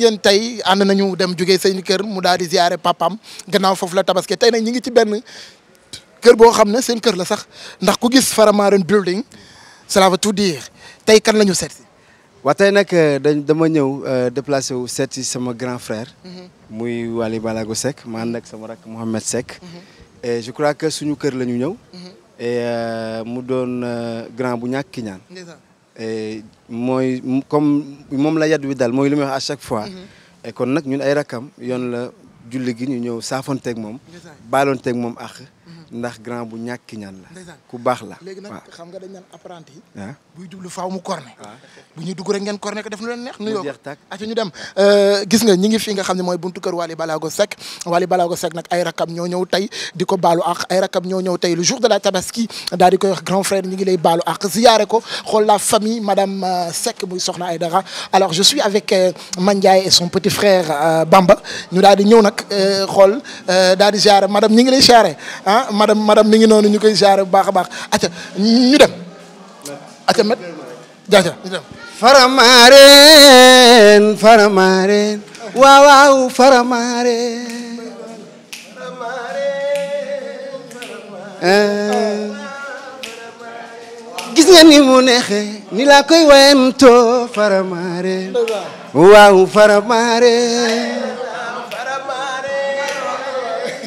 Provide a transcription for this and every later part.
ngeen tey ànd nañu dem jógee seen kër mu daal di ziare papam gannaaw foofu la tabaske tey nag ñi ngi ci benn kër boo xam ne seen kër la sax ndax ku gis Faramaren building cela veut tout dire tey kan la ñu seet si. waa tey nag euh, dañ dama ñëw euh, déplacé wu seet si sama grand frère. Mhm. muy Waly Balago Seck ma ànd ak sama rakk Mouhamed Seck. Mhm. et je que suñu kër la ñu ñëw. Mhm. et euh, mu doon grand bu ñàkk ñaan. Euh, mooy comme moom la yat wi daal mooy lu muy wax à chaque fois. Mhm. et kon nag ñun ay rakam yoon la julli gi ñu ñëw saafoonteeg moom. baaloonteeg moom àq. Mhm. ndax grand bu ñàkk ñaan la. ku baax la léegi nag xam nga dañ naan apprenti yi. Ah. buy jublu faaw mu corné. Ah. bu ñuy dugg rek ngeen corné ko def lu leen neex. nuyoo ak ñu dem euh, gis nga ñi ngi fi nga xam ne mooy buntu kër Wally Balago Seck Wally Balago Seck nag ay rakam ñow ñëw tey di ko baalu ak ay rakam ñoo ñëw tey le jour de la tabaski daal di koy wax grand frère ñi ngi lay baalu ak ziyaare ko xool la famille madame euh, Seck muy soxna Aïdara alors je suis avec euh, Mandiaye et son petit frère Bamba ñu daal di ñëw nag xool daal di ziyaare madame ñi ngi lay ziyaare madame madame mi ngi noonu ñu koy siyaare bu baax baax acca ñu dem acca met jaaja ñu dem faramaareen faramaareen waaw eh. gis nga ni mu ni laa koy wayantoo waaw faramaareen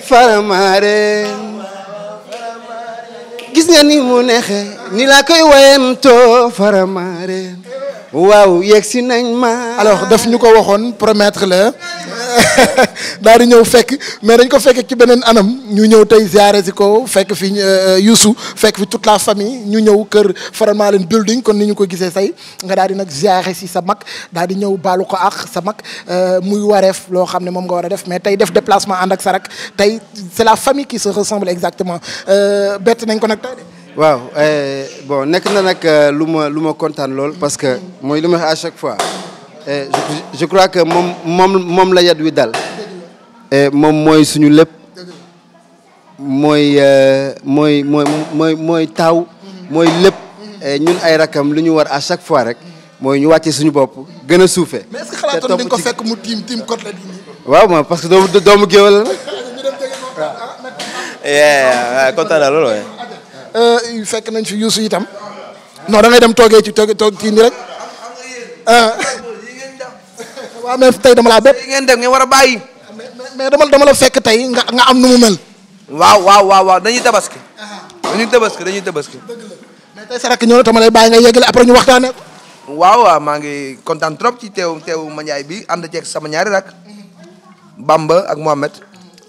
faramaareen gis nga ni mu neexe ni laa koy wayem to faramaare waaw yegg si nañ ma alors daf ñu ko waxoon promettre la daal di ñëw fekk mais dañ ko fekk ci beneen anam ñu ñëw tey ziare si ko fekk fi euh, Youssou fekk fi tout la famille ñu ñëw kër Fara Malen building kon ni ñu ko gisee say nga daal di nag ziare si sa mag daal di ñëw baalu ko ak sa mag euh, muy wareef loo xam ne moom nga war a def mais tey def déplacement ànd ak sa rak tey c'est la famille qui se ressemble exactement euh, bett nañ ko nag tey de. waaw eh, nekk na nag lu ma lu ma kontaan lool parce que mooy lu ma à chaque fois Eh, je crois que moom moom moom la yat wi dal eh, moom mooy suñu lépp mooy eh, mooy mooy mooy mooy taaw mooy lépp ñun ay rakam lu ñu war à chaque fois rek mooy ñu wàcce suñu bopp gën a suufe mais est fekk mu tiim tiim parce que doomu doomu géwél la waaw kontaan naa loolu fekk nañ fi yuusu itam non ngay dem toogee ci toog toog kii rek ah. waaw mais tey dama laa bépp. tey a bàyyi. mais dama dama la fekk tey nga am nu mu mel. waaw waaw waaw dañuy tabaski. dañuy tabaski dañuy tabaski. dëgg la mais tey sa rakk ñëw na tama lay bàyyi nga yegale après ñu waxtaanee waaw maa ngi kontaan trop ci teew teewu ma Ndiaye bi ànd ceeg sama ñaari rakk. Bamba ak Mohamed.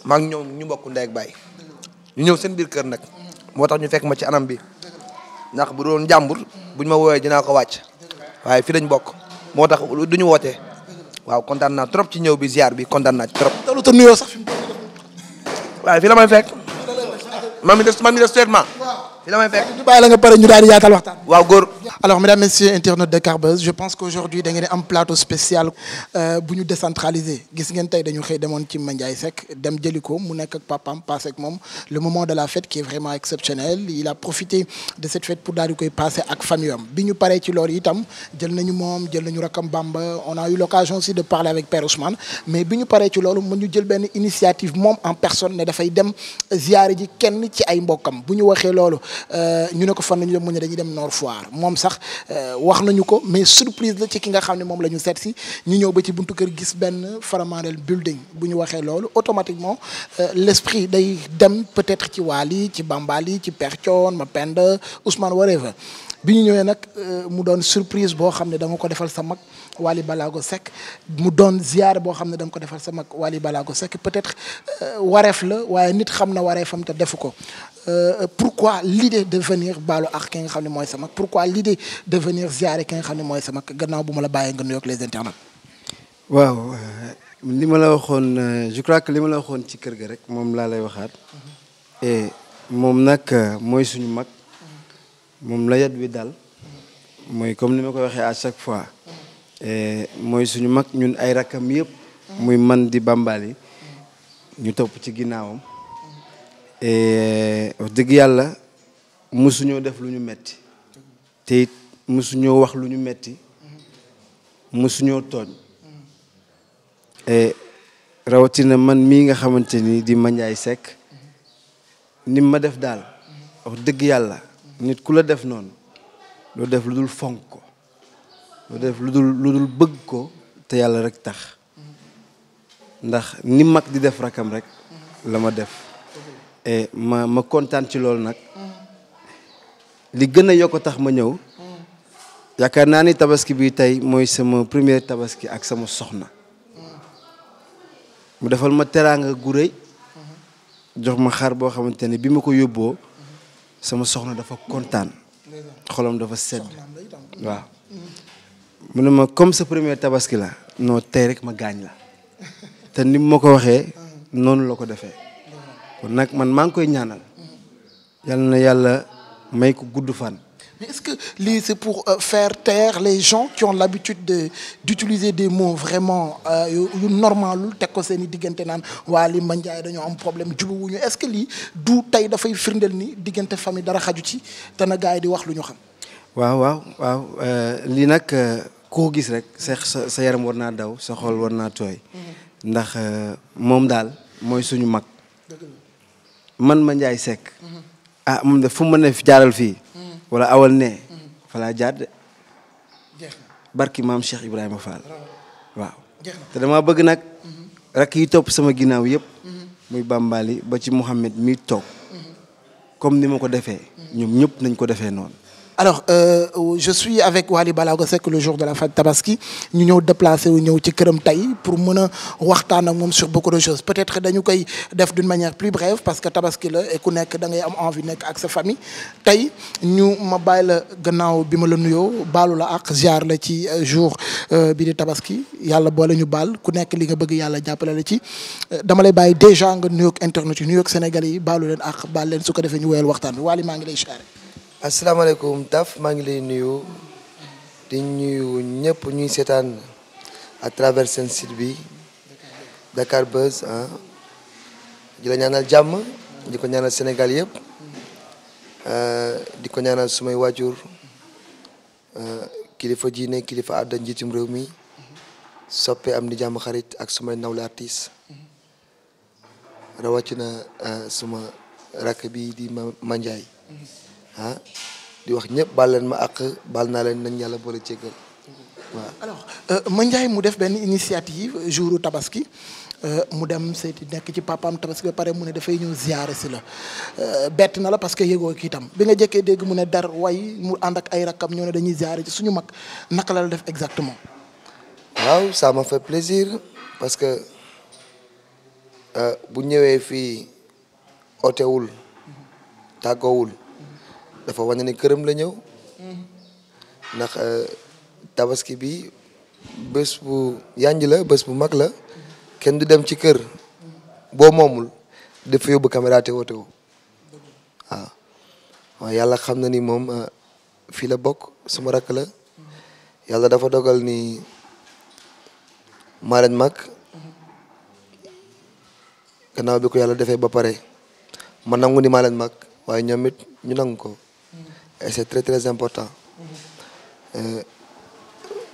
maa ngi ñëw ñu bokk ndey ak baay. ñu ñëw seen biir kër nag. moo tax ñu fekk ma ci anam bi. ndax bu doon jàmbur buñ ma woowee dinaa ko wàcc. waaye fi lañ bokk. moo tax duñu wootee waaw kontaan naa trop ci ñëw bi ziar bi kontaan naa trop. te lu te nuyoo sax fi mu waaye fii la may fekk. man mi des man mi fekk. ñu la nga pare ñu daal di yaatal waxtaan. waaw góor. alors mesdames messieurs internautes de Carbuzz je pense qu'aujourd'hui da ngeen am plateau spécial euh, bu ñu décentralisé gis ngeen tey dañu xëy demoon ci Mandiaye Seck dem jëli ko mu nekk ak papam passe ak moom le moment de la fête qui est vraiment exceptionnel il a profité de cette fête pour daal di koy passé ak famille am bi ñu paree ci loolu itam jël nañu moom jël nañu rakam Bamba on a eu l'occasion aussi de parler avec Père Ousmane mais bi ñu paree ci loolu mu ñu jël benn initiative moom en personne ne dafay dem ziyaare ji kenn ci ay mbokkam bu ñu waxee loolu euh, ñu ne ko fan la ñu dem mu ne dañuy dem Nord Foire moom sax euh, wax nañu ko mais surprise la ci ki nga xam ne moom la ñu seet si ñu ñëw ba ci buntu kër gis benn Faramarel building bu ñu waxee loolu automatiquement euh, l'esprit day dem peut-être ci Wally ci Bambali ci Père Thione Mapenda Ousmane whatever bi ñu ñëwee nag euh, mu doon surprise boo xam ne da ko defal sa mag Wally Balago Seck mu doon ziar boo xam ne da ko defal sa mag Wally Balago Seck peut-être wareef la waaye nit xam na wareefam te defu ko Euh, euh, pourquoi l'idée de venir baalu ak ki xam ne mooy sama pourquoi l'idée de venir ziare ki nga xam ne mooy sama gannaaw bu ma la bàyyee nga nuyoog les internautes. waaw euh, li ma la waxoon je crois que li ma la waxoon ci kër gi rek moom laa lay waxaat. Mhm. et moom nag mooy suñu mag. Mhm. moom la yat wi daal. mooy comme ni ma ko waxee à chaque fois. Mhm. mooy suñu mag ñun ay rakkam yëpp. muy man di bambali. ñu topp ci ginnaawam. Eh, wax dëgg yàlla mësuñoo def lu ñu metti te it mësuñoo wax lu ñu metti mësuñoo tooñ eh, rawatina man mii nga xamante nii di Mandiaye sekk ni ma def daal wax dëgg yàlla nit ku la def noonu loo def lu dul fonk ko loo def lu dul bëgg ko te yàlla rekk tax ndax ni mag di def rakam rek la ma def Eh, ma ma kontaan ci loolu nag li gën a yokk tax ma ñëw yaakaar naa ni tabaski bi tey mooy sama premier tabaski ak sama soxna mu defal ma teraanga gu rëy jox ma xar boo xamante ne bi ma ko yóbboo sama soxna dafa kontaan xolam dafa sedd waaw mu ne ma comme sa premier tabaski la noo tey rek ma gaañ la te ni ma ko waxee noonu la ko defee kon nag man maa ngi koy ñaanal yal na yàlla may ko gudd fan. mais est-ce que lii c'est pour euh, faire taire les gens qui ont l'habitude de d'utiliser de mots vraiment euh, yu normalul teg ko seen i diggante naan waa li ma njaay dañoo am problème wu ñu est-ce que lii du tey dafay firndeel nii diggante famille dara xaju ci dana gars yi di wax lu ñu xam. waaw waaw waaw euh, lii nag koo gis rek sa sa yaram war naa daw sa xol war naa tooy. Mm-hmm. ndax moom daal mooy suñu mag. man ma Ndiaye Seck ah moom de fu mu ne jaaral fii wala awal ne falaa jaar de barki maam Cheikh Ibrahima Fall waaw te damaa bëgg nag mhm. rakk yi topp sama ginnaaw yëpp mhm. muy Bambali ba ci Mouhamed mi toog mhm. comme ni ma ko defee ñoom ñëpp nañ ko defee noonu alors euh, je suis avec Wally Ballago Seck le jour de la fête Tabaski ñu ñëw déplacé wu ñëw ci këram tey pour mën a ak moom sur beaucoup de choses peut-être dañu koy def d'une manière plus brève parce que Tabaski la et ku nekk dangay ngay am envie nekk ak sa famille tey ñu ma bàyyi la gannaaw bi ma la nuyoo baalu la ak ziar la ci euh, jour euh, bi di Tabaski yàlla boole ñu baal ku nekk li nga bëgg yàlla jàppale la ci euh, dama lay bàyyi déjà nga nuyoog internet yi nuyoog Sénégalais yi baalu leen ak baal leen su ko defee ñu woyal waxtaan bi Wally maa ngi lay ziar asalaamaaleykum Taf maa ngi lay nuyu di nuyu ñëpp ñuy seetaan à travers seen site bi Dakar Buzz ah ñaanal jàmm di ko ñaanal Sénégal yëpp ah. di ko ñaanal sumay waajur ah. kilifa diine kilifa àdda njiitum réew mi soppe am di jàmm xarit ak sumay nawle artiste rawatina ah, suma rakk bi di Mandiaye ah di wax ñëpp baal leen ma ak bal naa leen nañ yàlla boole céggal waaw. alors euh, Mandiaye mu def benn initiative jouru tabaski euh, mu dem seeti nekk ci papaam tabaski pare mu ne dafay ñëw ziare si la euh, bett na la parce que yëgoo kiitam bi nga jëkkee dégg mu ne dar way mu ànd ak ay rakkam ñoo ne dañuy ziare ci suñu mag naka la def exactement. waaw ça m'a fait plaisir parce que bu ñëwee fii otewul tàggoowul. dafa wane ne këram la ñëw ndax euh, tabaski bi bés bu yànj la bés bu mag la kenn du dem ci kër boo moomul dafa yóbbu caméra te woote wu waaw yàlla xam na ni moom euh, fii la bokk suma rakk la yàlla dafa dogal ni maa mag gannaaw bi ko yàlla defee ba pare ma nangu ni maleen leen mag waaye ñoom ñu nangu ko et c'est très très important euh,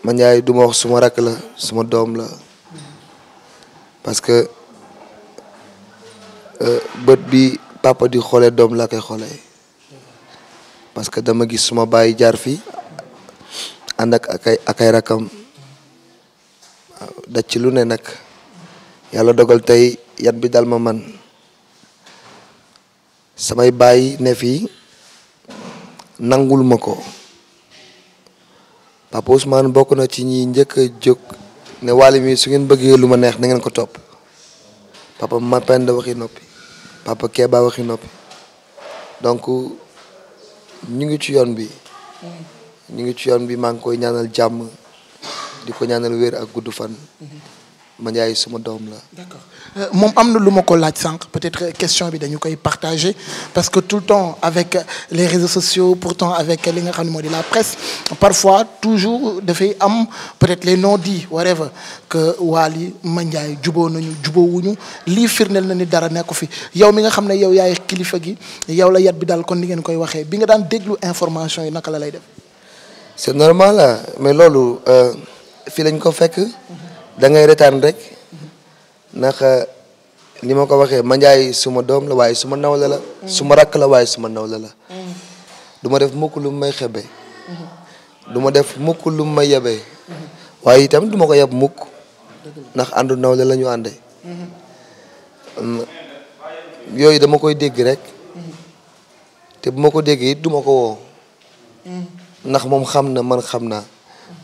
man yaay du wax suma rakk la suma doom la parce que euh, bët bi papa di xoolee doom laa koy xoolee parce que dama gis suma baay jaar fi ànd ak akay akay rakam daj ci lu ne nag yàlla dogal tey yat bi dal ma man samay bàyyi ne fii nangul ma ko Papa Ousmane bokk na ci ñi njëkk a jóg ne Wally mi su ngeen bëggee lu ma neex na ngeen ko topp Papa Mapenda waxi noppi Papa Keba waxi noppi donc ñu ngi ci yoon bi ñu ngi ci yoon bi maa ngi koy ñaanal jàmm di ko ñaanal wér ak gudd fan mhm. ma njaay suma doom la Euh, moom am na lu ma ko laaj sànq peut-être question bi dañu koy partager parce que tout le temps avec les réseaux sociaux pourtant avec li nga xam ne moo di la presse parfois toujours dafay am peut-être les non di whatever que Wally Mandiaye juboo nañu jubo wuñu lii firndeel na ni dara nekku fi yow mi nga xam ne yow yaay kilifa gi yow la yat bi daal kon ni ngeen koy waxee bi nga daan déglu information yi naka la lay def. c'est normal mais loolu euh, fii lañ ko fekk da ngay retaan rek. ndax eh, ni ma ko waxee Mandiaye suma doom la waaye suma nawle la. suma rakk la waaye suma nawle la. ma def mukk lu may def mukk lu may yebee. waaye itam duma ko yeb mukk. ndax àndu nawle ñu àndee. Mm, yooyu dama koy dégg rek. te bu ma ko déggee it du ko woo. ndax moom xam na man xam naa.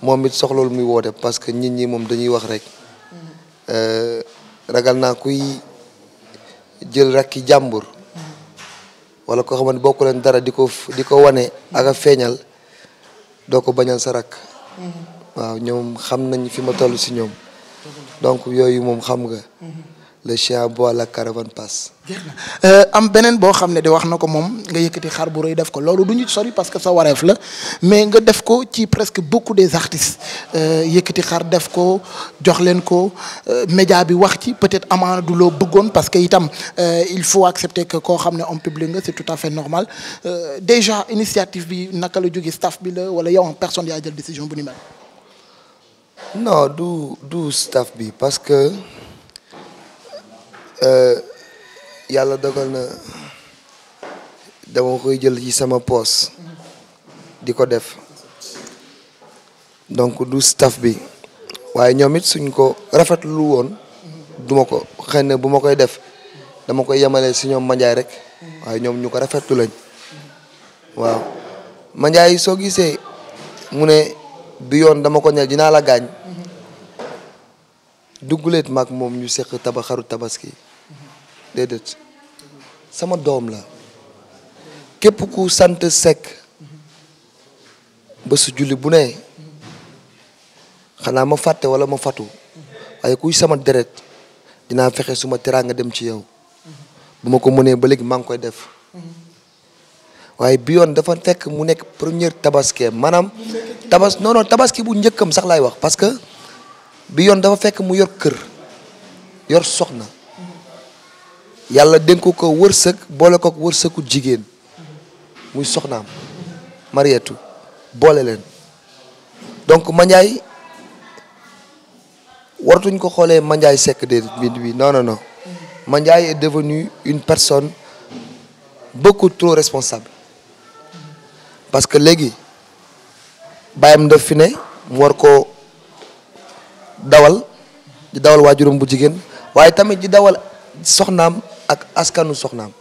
moom it soxloolu muy woote parce que nit ñi moom dañuy wax rek. Eh, ragal naa kuy jël rakki jàmbur wala koo xamante bokku leen dara di ko di ko wane ak a feeñal doo ko bañal sa rakk mm-hmm. waaw ñoom xam nañ fi ma toll si ñoom donc yooyu moom xam nga mm-hmm. le chien boit la euh, am beneen boo xam ne di wax na ko moom nga yëkkati xar bu rëy def ko loolu du ñu sori parce que sa wareef la mais nga def ko ci presque beaucoup des artistes euh, yëkkati xar def ko jox leen ko euh, média bi wax ci peut-être amaana du loo bëggoon parce que itam il faut accepter que koo xam ne homme public nga c'est tout à fait normal déjà initiative bi naka la jóge staff bi la wala yow en personne yaa jël décision bu ni mel. non du staff bi parce Euh, yàlla dogal na dama koy jël ci sama poos di ko def donc du staf bi waaye ñoom it suñ ko rafetlu woon duma ko xëy na bu ma koy def dama koy yemale si ñoom manjaay rek waaye ñoom ñu ko rafetlu lañ waaw manjaay soo gisee mu ne bi yoon dama ko ñel dinaa la gaañ dugguleet maag moom ñu seq taba xaru tabaski déedéet sama doom la képp ku sant sekk ba su julli bu ne xanaa ma fàtte wala ma fatu waaye kuy sama deret dinaa fexe suma teraanga dem ci yow bu ma ko mënee ba léegi maa ngi koy def waaye bi yoon dafa fekk mu nekk première tabaski maanaam tabas non non tabaski bu njëkkam sax laay wax parce bi yoon dafa fekk mu yor kër yor soxna yàlla dénk ko wërsëg boole ko wërsëgu jigéen muy soxnaam Mariétu boole leen donc Mandiaye waratuñ ko xoolee Mandiaye sekk déedéet mbind bi non non non Mandiaye est devenu une personne beaucoup trop responsable parce que léegi bàyyam daf fi ne mu war ko dawal di dawal waajuram bu jigéen waaye tamit di dawal soxnaam ak askanu soxnaam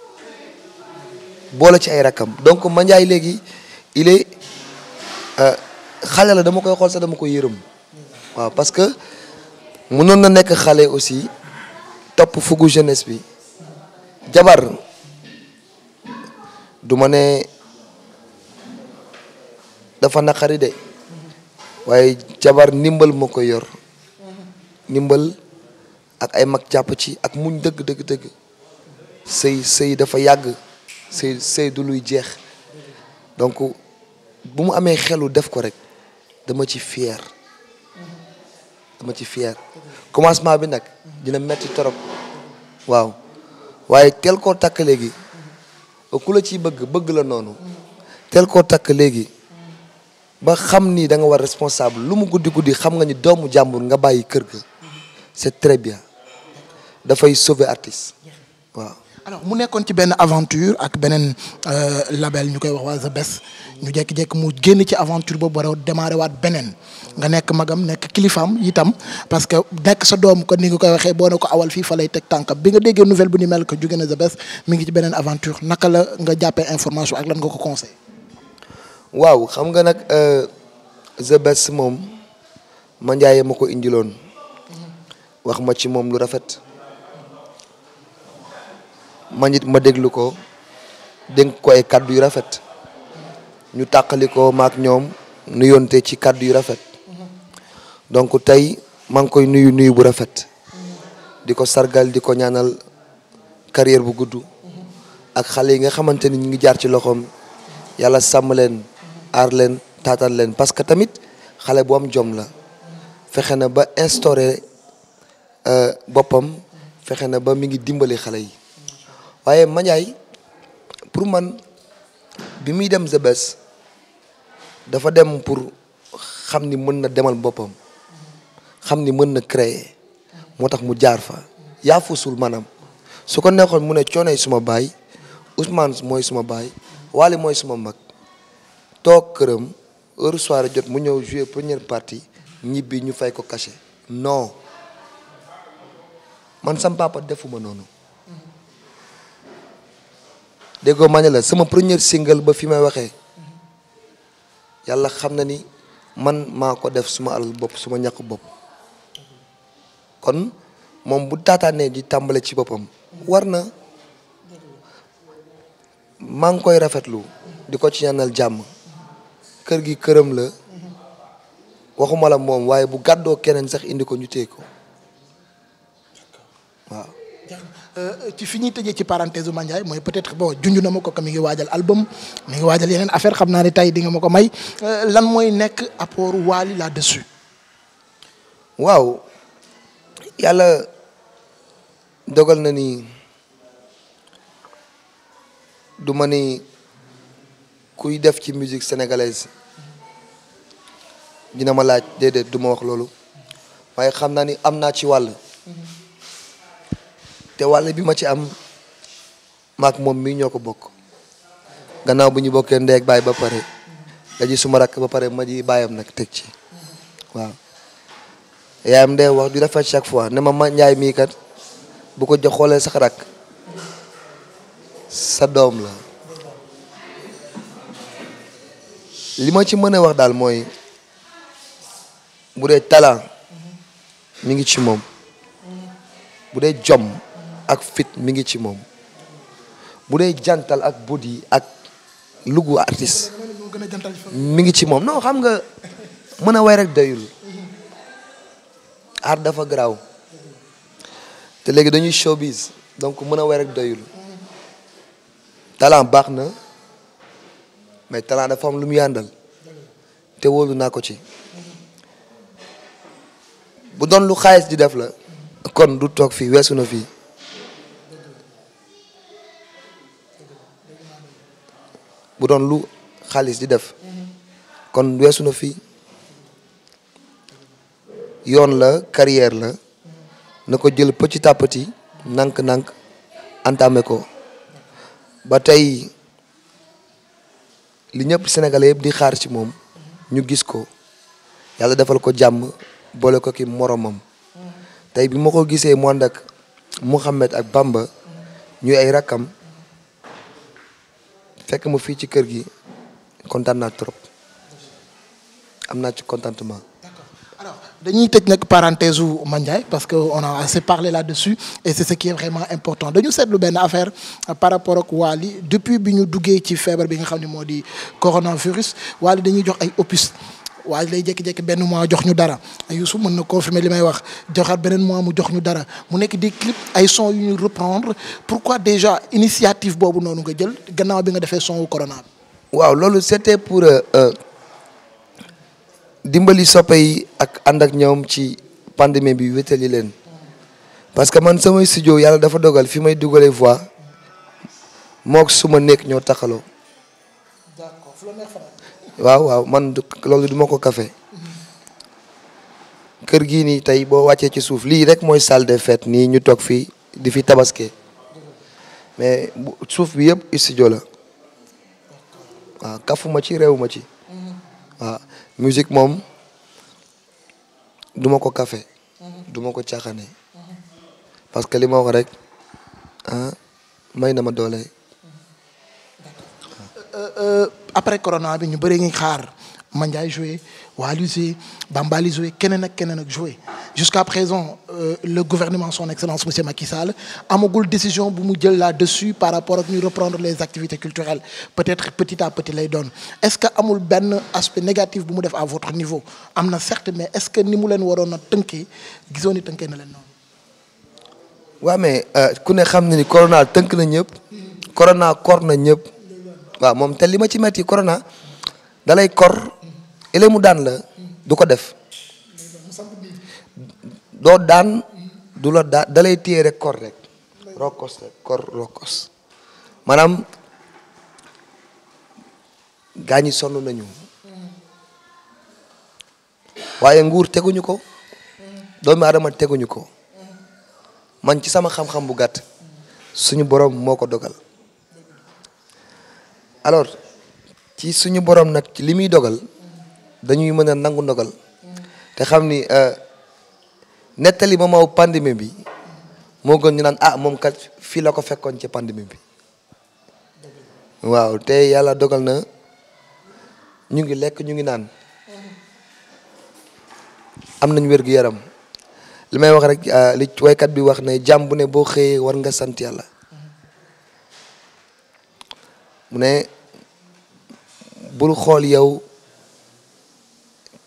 boole ci ay rakkam donc Mandiaye léegi il est euh, xale la dama koy xool sax dama koy yërëm waaw parce que mënoon na nekk xale aussi topp fugu jenes bi jabar du ne dafa naqari de waaye jabar ndimbal moo koy yor ndimbal ak ay mag jàpp ci ak muñ dëgg dëgg dëgg sëy sëy dafa yàgg sëy sëy du luy jeex donc bu mu amee xelu def ko rek dama ci fier dama ci fier commencement bi nag dina metti torop waaw waaye teel koo takk léegi ku la ciy bëgg bëgg la noonu teel koo takk léegi ba xam ni da nga war responsable lu mu guddi guddi xam nga ni doomu jàmbur nga bàyyi kër ga c'est très bien dafay sauver artiste waa alors mu nekkoon ci benn aventure ak beneen euh, label ñu koy wax waa The Best ñu jékki-jékki mu génn ci aventure boobu war a waat beneen nga nekk magam nekk kilifaam yitam parce que nekk sa doom ko ni nga koy waxee boo ne ko awal fii fa lay teg tànkam bi nga déggee nouvelle bu ni mel ko jóge na The Best mi ngi ci beneen aventure naka la nga jàppee information ak lan nga ko conseil waaw xam nga nag euh, The Best moom ma njaayee ma ko indiloon. wax ma ci moom lu rafet man it ma déglu ko dénk ko kàddu yu rafet ñu tàqali maak ñoom nuyoonte ci kàddu yu rafet donc tey maa ngi koy nuyu nuyu bu rafet di ko sargal di ko ñaanal carrière bu gudd ak xale yi nga xamante ni ñu ngi jaar ci loxoom yàlla sàmm leen aar leen taatal leen parce que tamit xale bu am jom la fexe na ba instauré Euh, boppam fexe na ba mi ngi dimbali xale yi waaye Mandiaye pour man bi muy dem Zébès dafa dem pour xam ni mën na demal boppam xam ni mën na créer moo tax mu jaar fa yaa fusul maanaam su ko neexoon mu ne coonay suma baay Ousmane mooy suma baay Waly mooy suma mag toog këram heure soirée jot mu ñëw jouer première partie ñibbi ñu fay ko cachet non man sam papa defuma noonu déggoo ma ne la sama premier single ba fi may waxee yàlla xam na ni man maa ko def suma alal bopp suma ñàkk bopp kon moom bu taataanee di tàmbale ci boppam war na maa ngi koy rafetlu di ko ci ñaanal jàmm kër gi këram la waxuma la moom waaye bu gàddoo keneen sax indi ko ñu ko waaw. Euh, ci fi ñuy tëjee ci parenthèse bu Mandiaye mooy peut-être bon junj na ma ko kam mi ngi waajal album mi ngi waajal yeneen affaire xam naa ne tey di nga ma ko may euh, lan mooy nekk apport Wally là desu waaw yàlla dogal na ni du ma ni kuy def ci musique sénégalaise dina ma laaj déedéet du ma wax loolu waaye xam naa ni am naa ci wàll. Mhm. te wàll bi ma ci am maak moom mii ñoo ko bokk gannaaw bu ñu bokkee ndey baay ba pare nga suma rakk ba pare ma ji baayam nag teg ci waaw yaayam day wax du rafet chaque fois ne ma ma njaay mii kat bu ko jox xoolee sax rakk sa doom la li ma ci mën a wax daal mooy bu dee talent mi ngi ci moom bu dee jom ak fit mi ngi ci moom bu dee jantal ak body ak lugu artiste mi ngi ci moom non xam nga mën a way rek dayul art dafa garaaw te léegi dañuy showbiz donc mën a way rek doyul talent baax na mais talent dafa am lu mu yàndal te wóolu naa ko ci bu doon lu xaalis di def la kon du toog fii weesu na fii bu doon lu xaalis di def kon weesu na fii yoon la carrière la na ko jël petit à petit nànk-nànk ko ba tey li ñëpp sénégalais yëpp di xaar ci moom ñu gis ko yàlla defal ko jàmm boole ko ki moromam tey bi ma ko gisee mu ànd ak Mouhamed ak Bamba ñuy ay rakkam fekk ma fii ci kër gi kontaan naa trop am naa ci contentement. d'accord alors dañuy tëj nag parenthèse u Mandiaye parce que on a assez parlé là-dessus et c'est ce qui est vraiment important dañu seetlu benn affaire euh, par rapport ak Wally depuis bi ñu duggee ci feebar bi nga xam ne moo di coronavirus Wally dañuy jox ay opus. waaye lay jékki-jékki benn mois jox ñu dara Youssou mën na confirmer li may wax joxaat beneen mois mu jox ñu dara mu nekk des clips ay son yu ñu reprendre pourquoi déjà initiative boobu noonu nga jël gannaaw bi nga defee son wu corona waaw loolu c'était pour euh, euh, dimbali soppe yi ak ànd ak ñoom ci pandémie bi wétali leen parce que man samay studio yàlla dafa dogal fi may dugalee voix mook su ma nekk ñoo taxaloo. waaw waaw man loolu du ma ko kafe kër gii nii tey boo wàccee ci suuf lii rek mooy salle des fêtes nii ñu toog fii di fi tabaske mais suuf bi yëpp studio la waaw kafuma ci réew ma ci waaw musique moom duma ko kafe duma ko caaxaane parce que li ma rek ah, may na ma doole Euh, euh, après corona bi ñu bëri ngi xaar Mandiaye joué Waly joué Bambali joué keneen ak keneen ak joué jusqu'à présent euh, le gouvernement son excellence monsieur Macky Sall amagul décision bu mu jël là-dessus par rapport ak ñu reprendre les activités culturelles peut-être petit à petit lay doon est-ce que amul benn aspect négatif bu mu def à votre niveau am na certes mais est-ce que ni mu leen waroon a tënkee gisoo ni tënkee na leen noonu. waaw mais euh, ku ne xam na ni corona tënk na ñëpp. corona kor na ñëpp. waaw moom te lima ci metti corona dalay kor ele mu daan la du ko def doo daan du la daan dalay téye rek kor rek rokos rek kor rokkos maanaam gaa ñi sonn nañu waaye nguur teguñu ko doomu aadama teguñu ko man ci sama xam-xam bu gàtt suñu borom moo ko dogal alors ci suñu boroom nag ci li muy dogal dañuy mën a nangu ndogal te xam ni euh, nettali moomaw pandémie bi moo gën ñu naan ah moom kat fii la ko fekkoon ci pandémie bi waaw te yàlla dogal na ñu ngi lekk ñu ngi naan am nañ wér gu yaram li may wax rek euh, li waykat bi wax na jàmbu ne boo xëyee war nga sant yàlla mu ne bu xool yow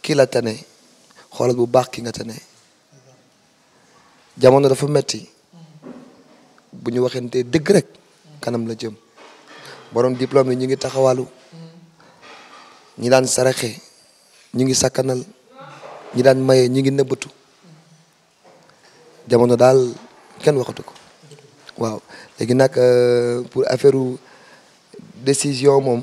ki tane xoolal bu baax ki nga tane jamono dafa metti bu ñu waxantee dëgg rek kanam la jëm borom diplôme yi ñu ngi taxawalu ñi daan saraxe ñu ngi sakkanal ñi daan maye ñu ngi nëbbatu jamono daal kenn waxatu ko waaw léegi nag euh, pour affaire décision moom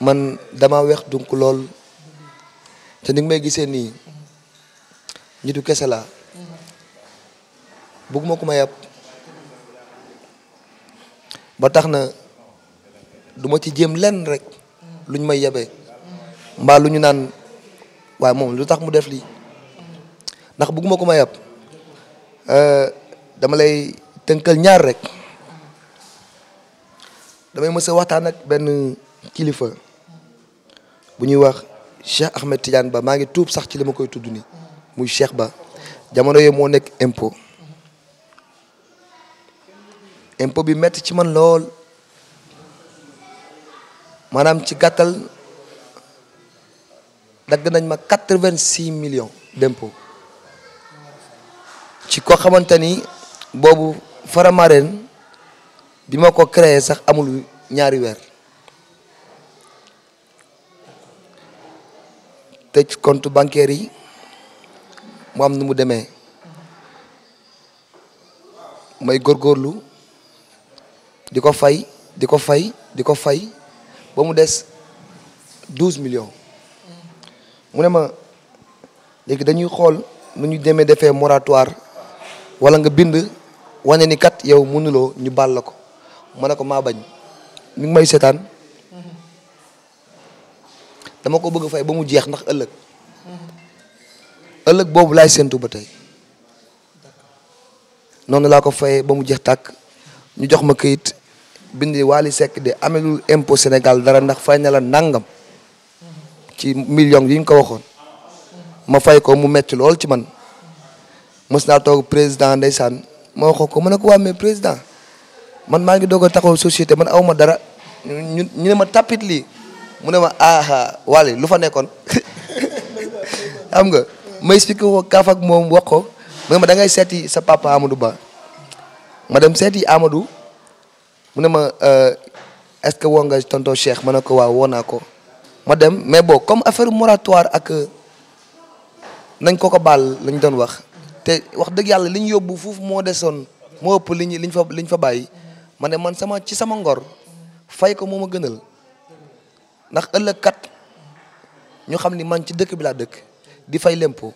man dama weex donc lool te ni may gisee nii nitu kese laa bëgguma ko ma yàpp ba tax na duma ci jëm lenn rek lu ñu may yebee mbaa lu ñu naan waaye moom lu tax mu def lii ndax bugguma ko ma yàpp euh, dama lay tënkal ñaar rek damay mësa waxtaan ak benn kilifa bu ñuy wax Cheikh Ahmed Tidiane Ba maa ngi tuub sax ci li ma koy tudd ni muy Cheikh Ba jamono yooyu moo nekk impo impo bi metti ci man lool maanaam ci gàttal dagg nañ ma quatre-vingt-six millions d'impôt ci ko xamante ni boobu Faramareen bi ma ko créé sax amul ñaari weer tëj compte banquer yi mu am nu mu demee may góorlu di ko fay di ko fay di ko fay ba mu des douze million mu ne ma léegi dañuy xool nu ñu demee defee moratoire wala nga bind wane ni kat yow mënuloo ñu baal la ko ma ne ko maa bañ mi may seetaan dama ko bëgg a fay ba mu jeex ndax ëllëg ëllëg boobu laay séntu ba tey noonu laa ko fayee ba mu jeex tàkk ñu jox ma këyit bindi Wally sekk de amelul impo Sénégal dara ndax fay na la nangam ci million yi ñu ko waxoon ma fay ko mu metti lool ci man mës naa toog président ndeysaan ma waxoo ko ma ne ko waa mais président man maa ngi doog a taxaw société man awma dara ñu ñu ne ma tapit lii mu ne ma aha ah, wàlli lu fa nekkoon xam nga ma expliqué ko kaaf moom wax ko mu ne ma da ngay seeti sa papa Amadou Ba ma dem seeti amadu mu ne ma euh, est-ce que woo nga tonton Cheikh ma ne ko waaw woo naa ko ma dem mais boo comme affaire moratoire ak euh, nañ ko ko baal lañ doon wax te wax dëgg yàlla li ñu yóbbu foofu moo desoon moo ëpp li ñu li ñu fa li fa bàyyi ma ne man sama ci sama ngor fay ko moo ma gënal ndax ëllëg kat ñu xam ni man ci dëkk bi laa dëkk di fay lempo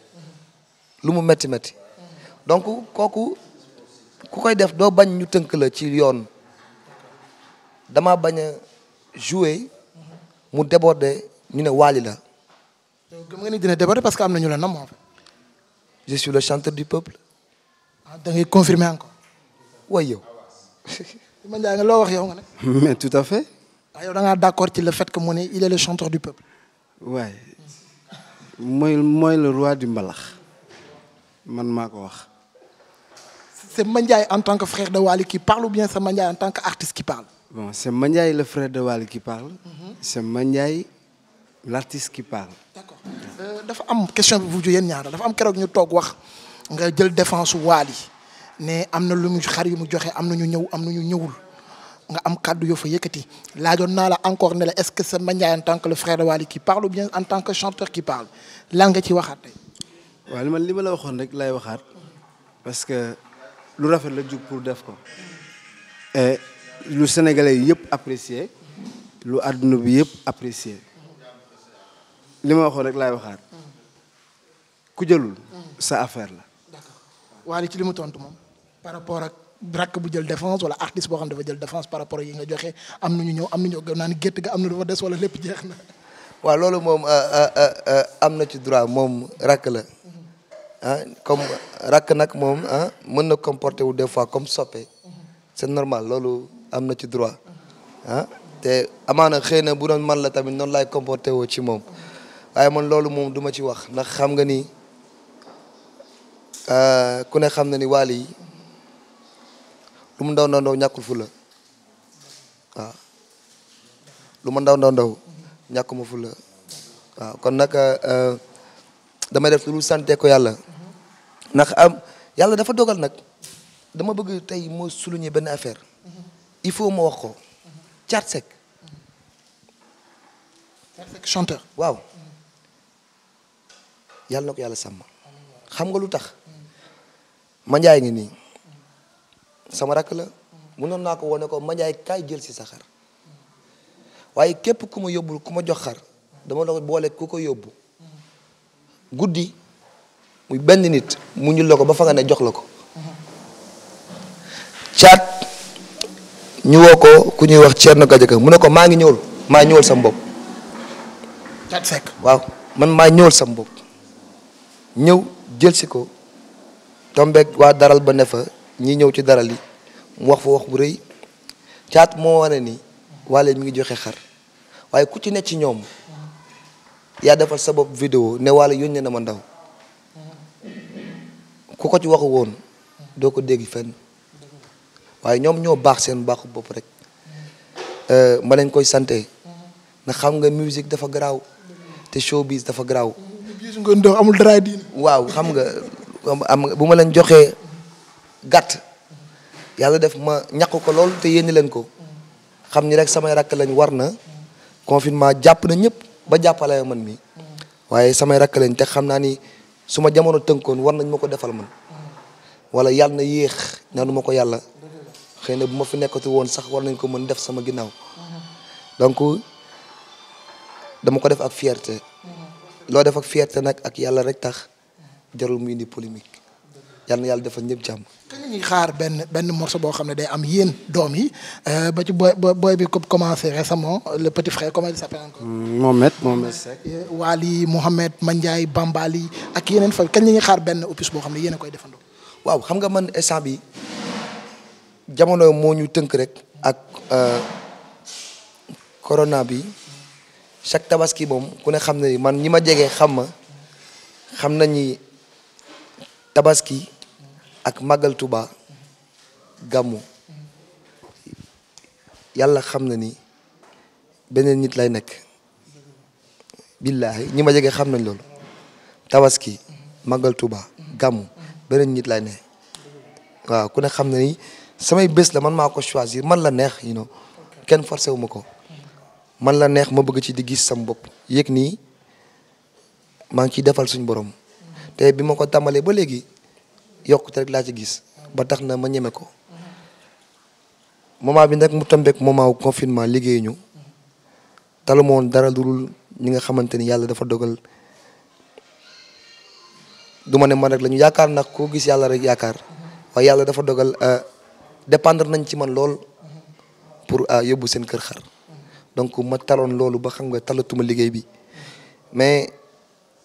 lu mu métti métti donc kooku ku koy def doo bañ ñu tënk la ci yoon dama bañ a jouer mu déborder ñu ne waali la. gëm nga ni dina déborder parce que am na ñu la nam en fait. je le chanteur du peuple. ah da ngay confirmer encore. way yow. ma nga loo wax yow nga mais tout à fait. waaw ah, yow da ci le fait ko mu ne il est du peuple. waaye mooy mooy le roi du mbalax man maa ko wax. c' est Mandiaye en tant que frère de Wally qui parle ou bien sa est Mandiaye en tant que artiste qui parle. bon c' est Mandiaye le frère de Wally qui mhm. euh, dafa am question bi bu jugee yéen ñaar dafa am keroog ñu toog wax nga jël défense su Wally ne am na lu mu xar yu mu joxe am na ñu ñëw am na ñu ñëwul. nga am kàddu yoo fa yëkkati laajoon naa la encore ne la est-ce que Samba Ndiaye en tant que le frère de Wally qui bien en tant que chanteur qui parle lan nga ci waxaat tey. waaw man li ma la waxoon rek lay waxaat parce que lu rafet la jug pour def ko lu sénégalais yëpp apprécier lu àdduna bi yëpp apprécier li ma waxoon rek laay waxaat ku sa affaire la. d'accord ci li mu rakk bu jël défense wala artiste boo xam dafa jël défense par rapport yi nga joxe am na ñu ñëw am na ñu gëm naa ni gétt ga am na dafa des wala lépp jeex na. waaw loolu moom euh, euh, euh, am na ci droit moom rakk la mhm. ah comme rakk nag moom ah mën na comporter wu des fois comme soppe mhm. c'est normal loolu am na ci droit ah te amaana xëy na bu doon man la tamit noon laay comporté woo ci moom mhm. waaye man loolu moom duma ci wax ndax xam nga ni ku ne xam na ni waal yi. lu mu ndaw ndaw ndaw ñàkkul ñàkkuma fulla kon nag euh, damay def lu sante ko yàlla ndax am yàlla dafa dogal nag dama bëgg tey moo souligner benn affaire il faut ma wax ko Thiat Seck waaw yàlla ko yàlla sàmm xam nga lu tax ma njaay nii sama rakk la mënoon naa ko wone ko Mandiaye kaay jël si sa xar waaye képp ku ma yóbbul ku ma jox xar dama la boole ku ko yóbbu guddi muy benn nit mu ñul la ko ba fa nga ne jox la ko caat ñu woo ko ku ñuy wax Thierno Gadiaga mu ne ko maa ngi ñëwul maa ñëwul sa bopp caat fekk waaw man maa ñëwul sa mbopp ñëw jël si ko tombeek waa daral ba nefa ñi ñëw ci dara li mu wax fa wax bu rëy caat moo wane ni waale mu ngi joxe xar waaye ku ci ne ci ñoom yaa defal sa bopp vidéo ne waale yónnee na ma ndaw ko ci waxu woon doo ko waaye ñoom ñoo baax seen baaxu bopp rek euh, ma leen koy sante na xam nga musique dafa garaaw te showbiz dafa garaaw. gis nga ndaw amul waaw xam nga am bu ma leen joxee. gàtt yàlla def ma ñàkk ko lool te yéene leen ko xam ni rek samay rakk lañ war na confinement jàpp na ñëpp ba jàppale man mi waaye samay rakk lañ te xam naa ni su ma jamono tënkoon war nañ ma ko defal man wala yàlla na yéex ñaanu ma ko yàlla xëy na bu ma fi nekkatu woon sax war nañ ko mën def sama ginnaaw donc dama ko def ak fierte mm-hmm. loo def ak fierté nag ak yàlla rek tax jarul mu indi polémique yal na yàlla defal ñëpp jàmm. kañ la xaar benn benn morceau boo xam ne day am yéen doom yi euh, ba ci booy booy bi commencé récemment le petit frère comment il s'appelle encore. Mm, Mohamed Mohamed Seck. Euh, Wali Mohamed ak yeneen fa kañ la xaar benn opus boo xam ne yéen koy defandoo. waaw xam nga man instant bi jamono moo ñu tënk rek ak euh, corona bi chaque tabaski moom ku ne xam ne man ñi ma jege xam ma xam nañu tabaski ak màggal Tuuba gàmmu yàlla xam na ni beneen nit lay nekk billaahi ñi ma jege xam nañ loolu tabaski màggal Tuuba gàmmu beneen nit lay ne waaw ku ne xam na ni samay bés la man maa ko choisir man la neex you know kenn forcé wu ma ko man la neex ma bëgg ci di gis sam bopp yéeg nii maa ngi ciy defal suñu borom te bi ma ko tàmbalee ba léegi yokkute rek laa ci gis ba tax na ma ñeme ko moment bi nag mu tombeek moment wu confinement liggéey taluma woon dara dul ñi nga xamante ni yàlla dafa dogal du ma ne man rek la yaakaar nag koo gis yàlla rek yaakaar waaye yàlla dafa dogal euh, dépendre nañ ci man lool pour euh, yóbbu seen kër xar donc ma taloon loolu ba xam nga talatuma liggéey bi mais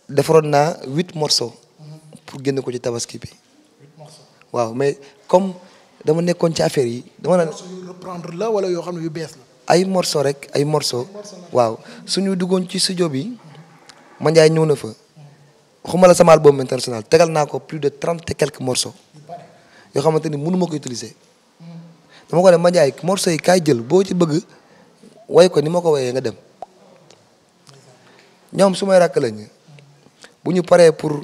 defaroon naa huit morceaux pour génn ko ci tabaski bi waaw mais comme dama nekkoon ci affaire yi dama naan reprendre la wala yoo xam ne yu bees la ay morso rek ay morso waaw suñu duggoon ci studio bi Mandiaye ñëw na fa xuma la sama album international tegal naa ko plus de trente et quelques morceaux yoo xamante ni munu ma ko utiliser dama ko ne Mandiaye morceau yi kaay jël boo ci bëgg way ko ni ma ko wayee nga dem ñoom su may rakk bu ñu paree pour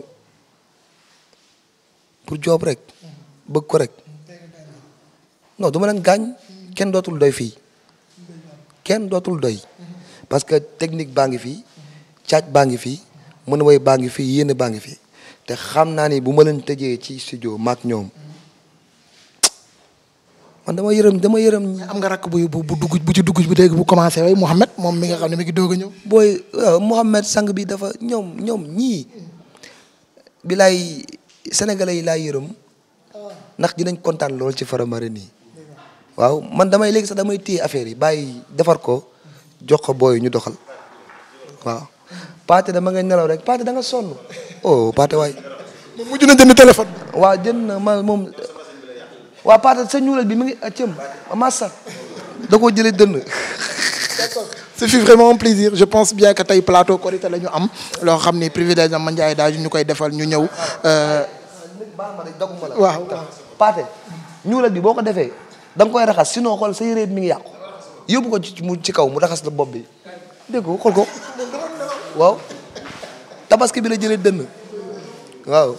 pour job rek bëgg ko rek non du ma leen gaañ kenn dootul doy fii kenn dootul doy parce que technique baa ngi fi caaj baa ngi fii mën a woy baa ngi fii yéene baa ngi fi te xam naa ni bu ma leen tëjee ci studio maak ñoom dama yërëm dama yërëm. am nga rakk bu bu dugg bu ci dugg bu dégg bu commencé way Mouhamed moom mi nga xam ne mi ngi doog a ñëw. booy Mouhamed sang bi dafa ñoom ñoom ñii bi laay sénégalais yi yërëm. ndax dinañ kontaan lool ci Faramareen yi waaw man damay léegi sax damay téye affaire yi bàyyi defar ko jox ko booy ñu doxal waaw Pathé dama ngay nelaw rek Pathé danga sonn oh Pathé waay. moom mujj na jënd téléphone. waa jënd na ma moom waaw Pathé sa ñuulal bi mi ngi ah, cëm massa da koo jëlee dënn. d'accord ce vraiment plaisir je pense bien que tey plateau Korité la ñu am loo xam ne privilège am ma Ndiaye daal ñu koy defal ñu ñëw. Euh, waaw waaw. paate ñuulal bi boo ko defee danga nga koy raxas sinon xool sa yére mi ngi yàqu yóbbu ko ci mu ci kaw mu raxas la bopp bi dégg ko xool ko waaw tabaski bi la jëlee dënn waaw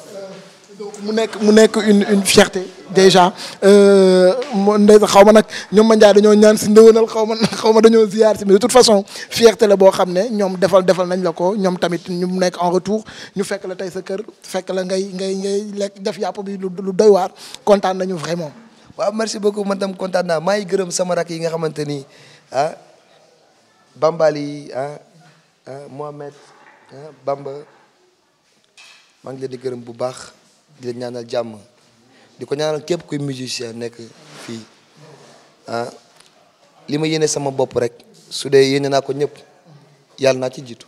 mu nekk mu nekk une une fierté déjà euh, ndey xaw ma nag ñoom ma njaay dañoo ñaan si ndëwënal xaw ma xaw ma dañoo ziar si mais de toute façon fierté la boo xam ne ñoom defal defal nañ la ko ñoom tamit ñu nekk en retour ñu fekk la tey sa kër fekk la ngay ngay ngay lekk def yàpp bi lu doy waar kontaan nañu vraiment. waaw merci beaucoup man tam kontaan naa maa ngi gërëm sama yi nga xamante ni ah Bambali ah, ah Mohamed ah Bamba maa ngi leen di gërëm bu baax. di ñaanal jàmm di ko ñaanal képp kuy musicien nekk fii ah li ma yéene sama bopp rek su dee yéene naa ko ñëpp yàlla naa ci jiitu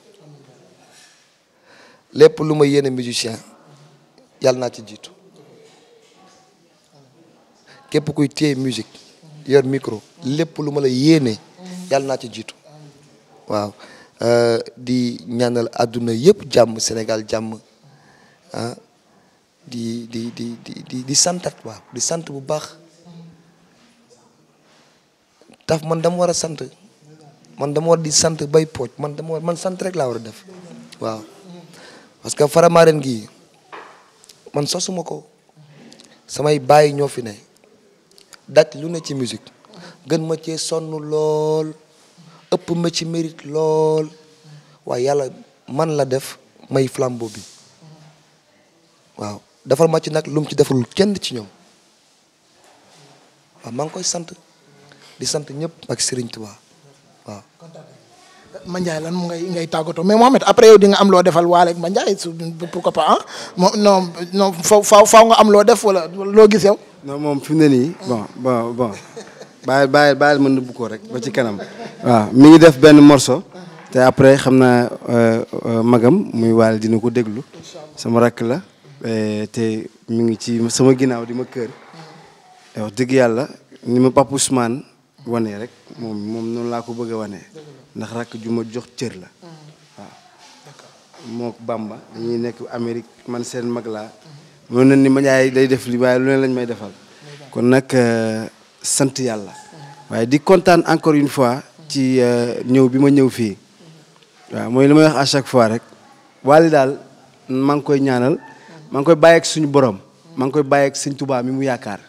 lépp lu ma yéene musicien yàlla naa ci jiitu képp kuy téye musique yor micro lépp lu ma la yéene yàlla naa ci jiitu waaw ah, di ñaanal àdduna yëpp jàmm Sénégal jàmm ah, di di di di di santat waaw di sant bu baax taf man dam war a sant man dama war di sant bay pooj man dama war man sant rek laa war a def waaw parce que Faramareen gii man sosuma ko samay bàyyi ñoo fi ne daj lu ne ci musique gën ma cee sonn lool ëpp ma ci mérite lool waa yàlla man la def may flambeau bi waaw defal ma ci nag lu mu ci deful kenn ci ñoom waaw maa ngi koy sant di sant ñëpp ak Serigne Touba waaw. lan mu ngay ngay tàggatoo mais Mohamed après yow di nga am loo defal waale ak Mandiaye su pourquoi pas ah moom non non faw faw nga am loo def wala loo gis yow. non moom fi ne nii bon bon bàyyi bàyyi mën na bu rek ba ci kanam. waaw mi ngi def benn morso te après xam naa euh, euh, magam muy waale dina ko déglu. sama rakk la. Eh, te mu ngi ci sama ginnaaw di ma kër eh, wax dëgg yàlla ni ma Pape Ousmane wane rek moom moom noonu laa ko bëgg wane ndax rakk juma jox cër la waaw moo Bamba dañuy nekk Amérique man seen mag laa mën na ni ma jaay day def li waaye lu ne lañ may defal kon nag eh, sant yàlla waaye di kontaan encore une fois ci ñëw bi ma ñëw fii waaw mooy lu may wax à chaque fois rek waali daal maa ngi koy ñaanal maa ngi koy bàyyeek ak suñu borom maa ngi koy bàyyi ak sëñ Tuubaa mi mu yaakaar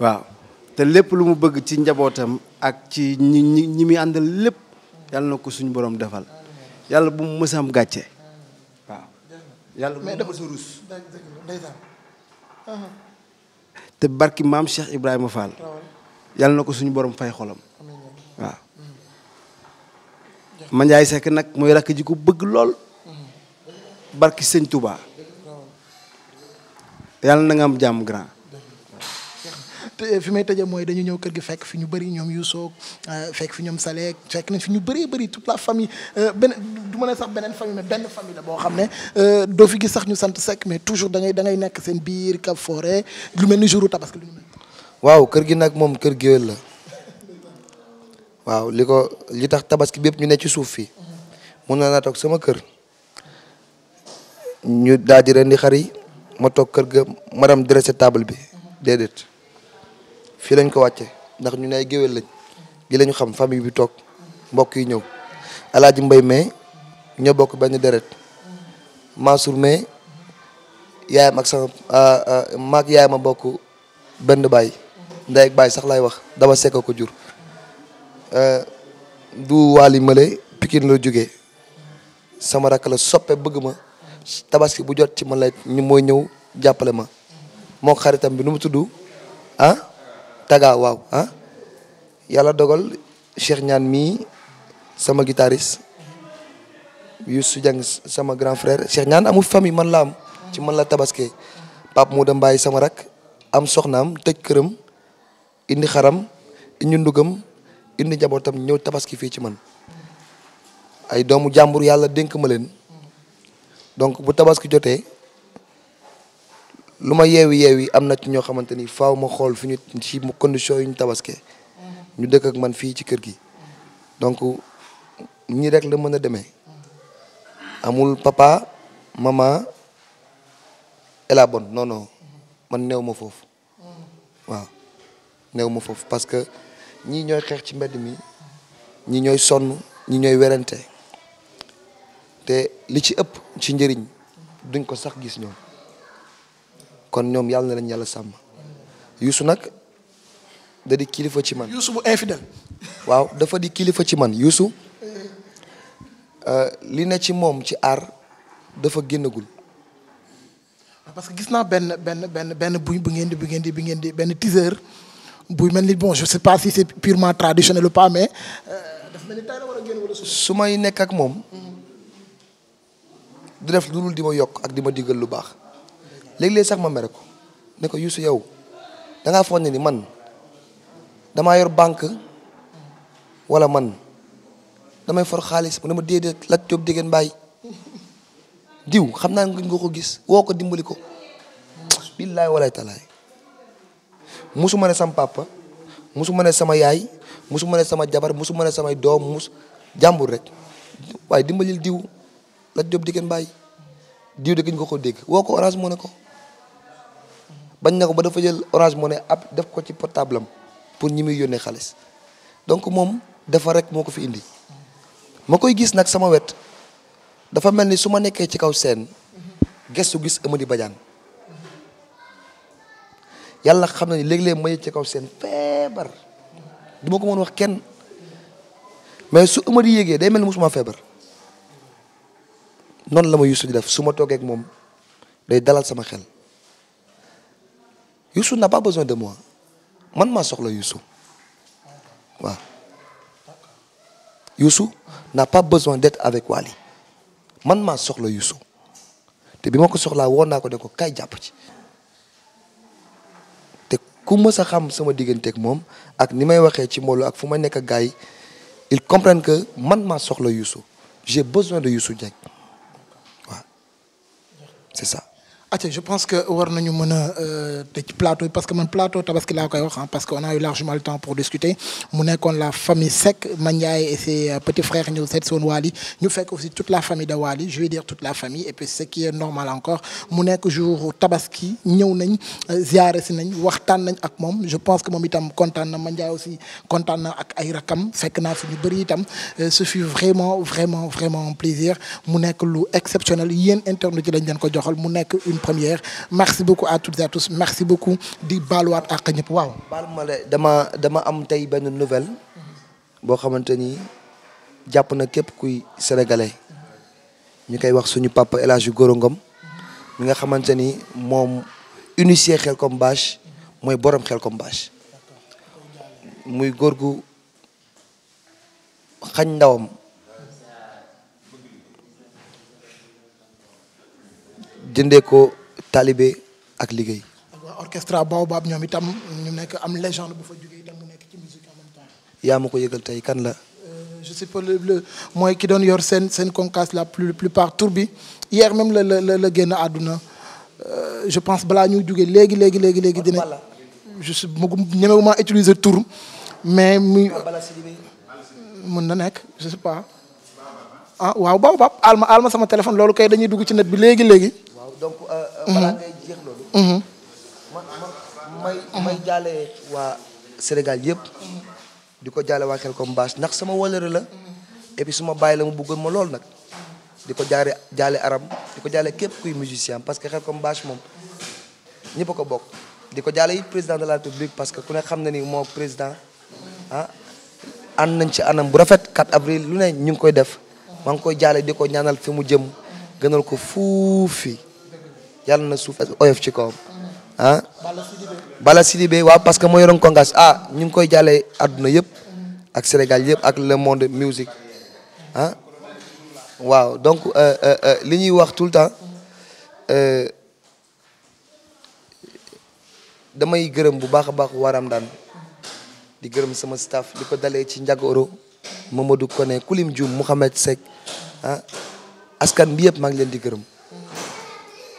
waaw te lépp lu mu bëgg ci njabootam ak ci ñi ñi ñi àndal lépp yàlla na ko suñu boroom defal yàlla bu mu gàcce waaw. te barki maam Cheikh Ibrahima Fall na ko suñu borom fay xolam waaw. Mm-hmm. sekk nag mooy rakk ji ko bëgg lool mm-hmm. barki sëñ Tuubaa. te yàlla na nga jàmm grand. fi may tëjee mooy dañu ñëw kër gi fekk fi ñu bëri ñoom Youssou euh, fekk fi ñoom Salek fekk nañ fi ñu bëree bari toute la famille euh, beneen du ma ne sax beneen famille mais benn famille la boo xam ne euh, doo fi gis sax ñu sant Seck mais toujours da dangay nekk seen biir Cap Forêt lu mel ni jour tabaski lu ñu mel. waaw kër gi nag moom kër géwél la waaw li ko li tax tabaski bépp ñu nekk ci suuf fii mun na naa toog sama kër ñu daal di rendi xar yi ma toog kër ga ma dem dressé table bi déedéet fii lañ ko wàcce ndax ñu ne ay géwél lañ gi lañu xam famille bi toog mbokk yi ñëw alaaji mbay mais ñoo bokk benn deret Mansour mais yaayam ak sama ah, ah, maag yaayam a bokk benn baay ndey ak baay sax laay wax dama sekk ko jur eh, du waali male Pikine la jóge sama rakk la soppe bëgg ma tabaski bu jot ci man la ñu mooy ñëw jàppale ma moo xaritam bi nu mu tudd ah taga waaw ah yàlla dogal Cheikh Ñaan mii sama guitariste Youssou Dieng sama grand frère Cheikh Ñaan amul fami man laa am ci man la tabaske Pape mu dem bàyyi sama rak am soxnaam tëj këram indi xaram indi ndugam indi njabootam ñëw tabaski fii ci man ay doomu jàmbur yàlla dénk ma leen donc bu tabaski jotee lu ma yeewi yeewi am na ci ñoo xamante ni faaw ma xool fi ñu condition yu ñu tabaskee mhm. ñu dëkk man fii ci kër gi donc ñii rekk la mën a demee amul papa maman et la bonne man néew ma foofu mhm. waaw néew ma foofu parce que ñii ñooy xeex ci mbedd mi ñii ñooy sonn ñii ñooy werante te li ci ëpp ci njëriñ duñ ko sax gis ñoom kon ñoom yàlla na lañ yàlla sàmm Youssou nag da di kilifa ci man. Youssou bu infidèle. waaw dafa di kilifa ci man Youssou euh, li ne ci moom ci aar dafa génnagul. parce que gis naa benn benn benn benn bu bu ngeen di bu ngeen di bu ngeen di benn teaser buy mel ni bon je sais pas si c'est purement traditionnel ou pas mais. Euh, dafa mel ni tey la war a génn wala su may nekk ak moom. du def lu dul di ma yokk ak di ma diggal lu baax léeg-léeg sax ma mere ko ne ko Youssou yow da ngaa ne ni man damaa yor bànk wala man damay for xaalis mu ne ma déedéet Lat Diop Dégane Mbaye diw xam naa nga ko gis woo ko dimbali ko. billaay walaay talaay musuma ne sama papa musuma ne sama yaay musuma ne sama jabar musuma ne samay doom mus jàmbur rek waaye dimbalil diw. Lat Diop diggéen bàyyi diw de gëñ ko ko dégg woo ko orange moo ne ko bañ na ko ba dafa jël orange moo ne ab def ko ci portable pour ñi muy yónnee xaalis donc moom dafa rek moo ko fi indi moo koy gis nag sama wet dafa mel ni su ma nekkee ci kaw seen gestu gis Amady Badiane yàlla xam na ni léeg-léeg ma ci kaw seen feebar du ko mën wax kenn mais su Amady yéegee day mel ni musuma feebar noonu la ma Youssou di def su ma toogee ak moom day dalal sama xel Youssou n'a pas besoin de moi man maa soxla Youssou waaw Youssou n'a pas besoin d'être man maa soxla Youssou te bi ma ko soxlaa woon naa ko de ko kay jàpp ci te ku mës a xam sama digganteeg moom ak ni may waxee ci mbooloo ak fu ma nekk ak gars yi ils comprennent que man maa soxla Youssou j'ai besoin de Youssou Dieng C'est ça. aca je pense que war nañu ñu a euh, tëj plateau parce que man plateau tabaski laa koy wax parce que on a eu largement le temps pour discuter mu euh, ñu fekk aussi toute la la famille et puis ce qui est normal nekk nañ euh, ziare si nañ waxtaan nañ ak moom je pense que moom itam kontaan na Mandiaye aussi kontaan na ak ay fekk naa fi ñu bëri itam ce fut vraiment vraiment vraiment un plaisir mu nekk lu exceptionnel yéen internet yi lañ leen ko joxal mu nekk une première merci beaucoup à toutes et à tous merci beaucoup di baaluwaat ak ñëpp waaw. baal ma la dama dama am tey benn nouvelle boo xamante ni jàpp na képp kuy sénégalais ñu koy wax suñu papa El Hadj Gora mi nga xamante ni moom initié Khelcom Bache mooy borom Khelcom Bache muy góor gu xañ ndawam. jëndee ko taalibe ak liggéey. ak waa orchestre Baobab ñoom itam ñu nekk am légende bu fa jugee itam mu nekk ci musique yaa ma ko yëgal tey kan la. Euh, je sais mooy ki doon yor seen seen concasse la plus plupart tour bi hier même la la génn àdduna euh, je pense balaa ñu jugee léegi léegi léegi léegi dina. je suis ñemewuma utiliser tour mais muy. Ah, mën na nekk je sais pas ah waaw baobab alma alma sama téléphone loolu kay dañuy dugg ci net bi léegi léegi. donc euh, euh, mhm. balaa ngay mhm. ma may may jaale waa Sénégal yëpp di ko jaale waa Khelcom Baas ndax sama wolere la mhm. et puis suma bàyyi la mu bëggoon ma lool nag di ko jaare jaale aram di ko jaale képp kuy musicien parce que Khelcom Baas moom ñëpp a ko bokk di ko jaale it président de la république parce que ku ne xam na nii moo président ah ànd nañ ci anam bu rafet 4 avril lu ne ñu ngi koy def maa ngi koy jaale di ko ñaanal fi mu jëm gënal ko fuufi yàlla na suuf oyof ci kawam ah Balla Sidibé waaw parce que moo yoroon congas ah ñu ngi koy jàllee àdduna yëpp ak Sénégal yëpp ak le monde musique ah waaw donc euh, euh, euh, li ñuy wax tout le temps damay gërëm bu baax a baax waram daan di gërëm sama staff di ko dalee ci njagoro Mamadou Koné Kulim Dioum Mouhamed Seck ah askan bi yëpp maa ngi leen di gërëm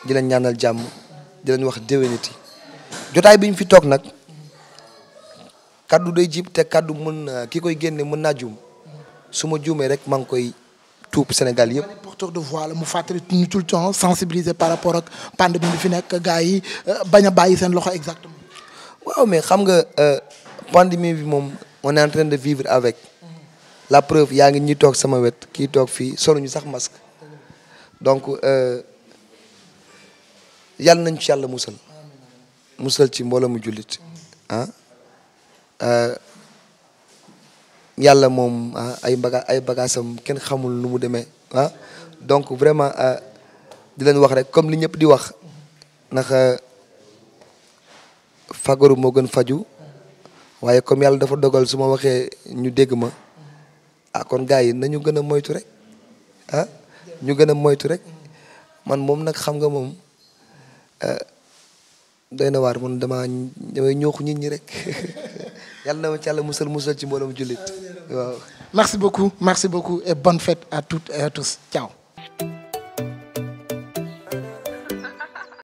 di leen ñaanal jàmm di leen wax déwéniti jotaay bi ñu fi toog nag kaddu day jib te kaddu mën ki koy génne mën naa juum suma juumee rek maa ngi koy tuub Sénégal yëpp. porteur de voix la mu fàttali ñu tout le temps sensibiliser par rapport ak pandémie bi fi nekk gars yi euh, bañ a bàyyi seen loxo exactement. waaw mais xam nga euh, pandémie bi moom on est en train de vivre avec la preuve yaa ngi ñuy toog sama wet kii toog fii soluñu sax masque donc. Euh, yàlla nañ ci yàlla musal musal ci mbooloo mu jullit ah, ah, yàlla moom ah, ay baga ay bagaasam kenn xamul nu mu demee ah donc vraiment di leen wax rek comme li ñëpp di wax ndax fagaru moo gën faju waaye comme yàlla dafa dogal su ma waxee ñu dégg ma a kon gars yi nañu gën a moytu rek ah ñu gën a moytu rek man moom nag xam nga moom Eh, doy na waar man damaa damay ñooxu nit ñi rek yàlla na ma ci yàlla musal musal ci mbooloom jullit waaw. merci beaucoup merci beaucoup et bonne fête à toutes et à tous ciao.